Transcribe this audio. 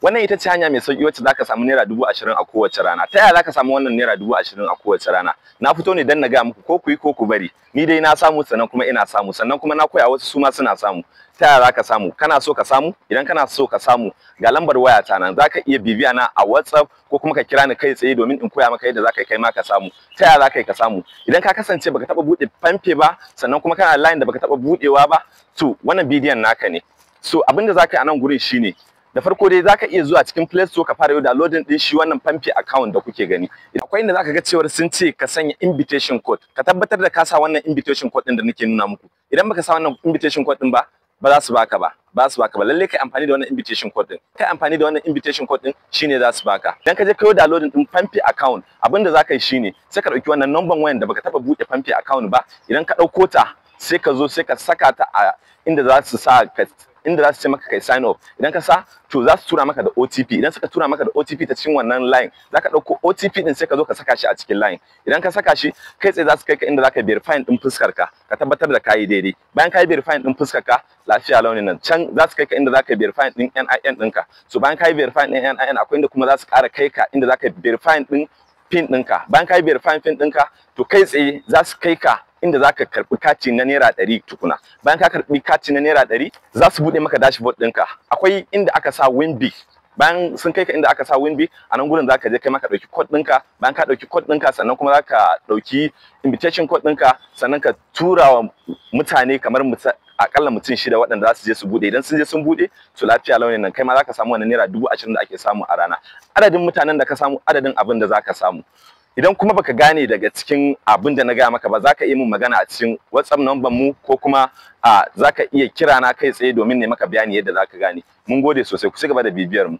wannan ita ce hanya mai sauki wacce zaka samu naira dubu ashirin a kowace rana ta yaya zaka samu wannan naira dubu ashirin a kowace rana na fito ne dan na gaya muku ko ku yi ko ku bari ni dai na samu sannan kuma ina samu sannan kuma na koya wasu su suna samu ta yaya zaka samu kana so ka samu idan kana so ka samu ga lambar waya ta nan zaka iya bibiya na a WhatsApp ko kuma ka kira ni kai tsaye domin in koya maka yadda zaka kai ma ka samu ta yaya zaka ka samu idan ka kasance baka taba bude famfe ba sannan kuma kana line da baka taba budewa ba to wannan bidiyon naka ne so abinda zaka yi a nan gurin shine da farko dai zaka iya zuwa cikin Play Store ka fara yau downloading din shi wannan Pampi account da kuke gani akwai inda zaka ga cewar sun ce ka sanya invitation code ka tabbatar da ka sa wannan invitation code din da nake nuna muku idan baka sa wannan invitation code din ba ba za su baka ba ba su baka ba lalle kai amfani da wannan invitation code din kai amfani da wannan invitation code din shine za su baka dan ka je da downloading din Pampi account abinda za ka yi shine sai ka dauki wannan number wayan da baka taba bude Pampi account ba idan ka dauko ta sai ka zo sai ka saka ta a inda za su sa ka inda za su ce maka kai sign up idan ka sa to za su tura maka da OTP idan suka tura maka da OTP ta cikin wannan line za ka ɗauko OTP din sai ka zo ka saka shi a cikin line idan ka saka shi kai tsaye za su kai ka inda za ka verify din fuskar ka ka tabbatar da kayi daidai bayan kayi verify din fuskar ka lafiya launin nan can za su kai ka inda za ka verify din NIN ɗinka so bayan kayi verify din NIN akwai inda kuma za su ƙara kai ka inda za ka verify din pin ɗinka bayan kayi verify pin ɗinka to kai tsaye za su kai ka inda za ka karɓi kati na naira ɗari tukuna bayan ka karɓi kati na naira ɗari za su buɗe maka dashboard ɗinka akwai inda aka sa winbi bayan sun kai ka inda aka sa winbi a nan gurin za ka je kai maka ɗauki code ɗinka bayan ka ɗauki code ɗinka sannan kuma za ka ɗauki invitation code ɗinka sannan ka tura wa mutane kamar akalla mutum shida waɗanda za su je su bude idan sun je sun bude to lafiya launin nan kai ma za ka samu wani naira dubu ashirin da ake samu a rana adadin mutanen da ka samu adadin abin da za ka samu idan kuma baka gane daga cikin abin da na gaya maka ba za ka iya mun magana a cikin whatsapp number mu ko kuma za ka iya kira na kai tsaye domin ne maka bayani yadda za ka gane mun gode sosai ku ci gaba da bibiyar mu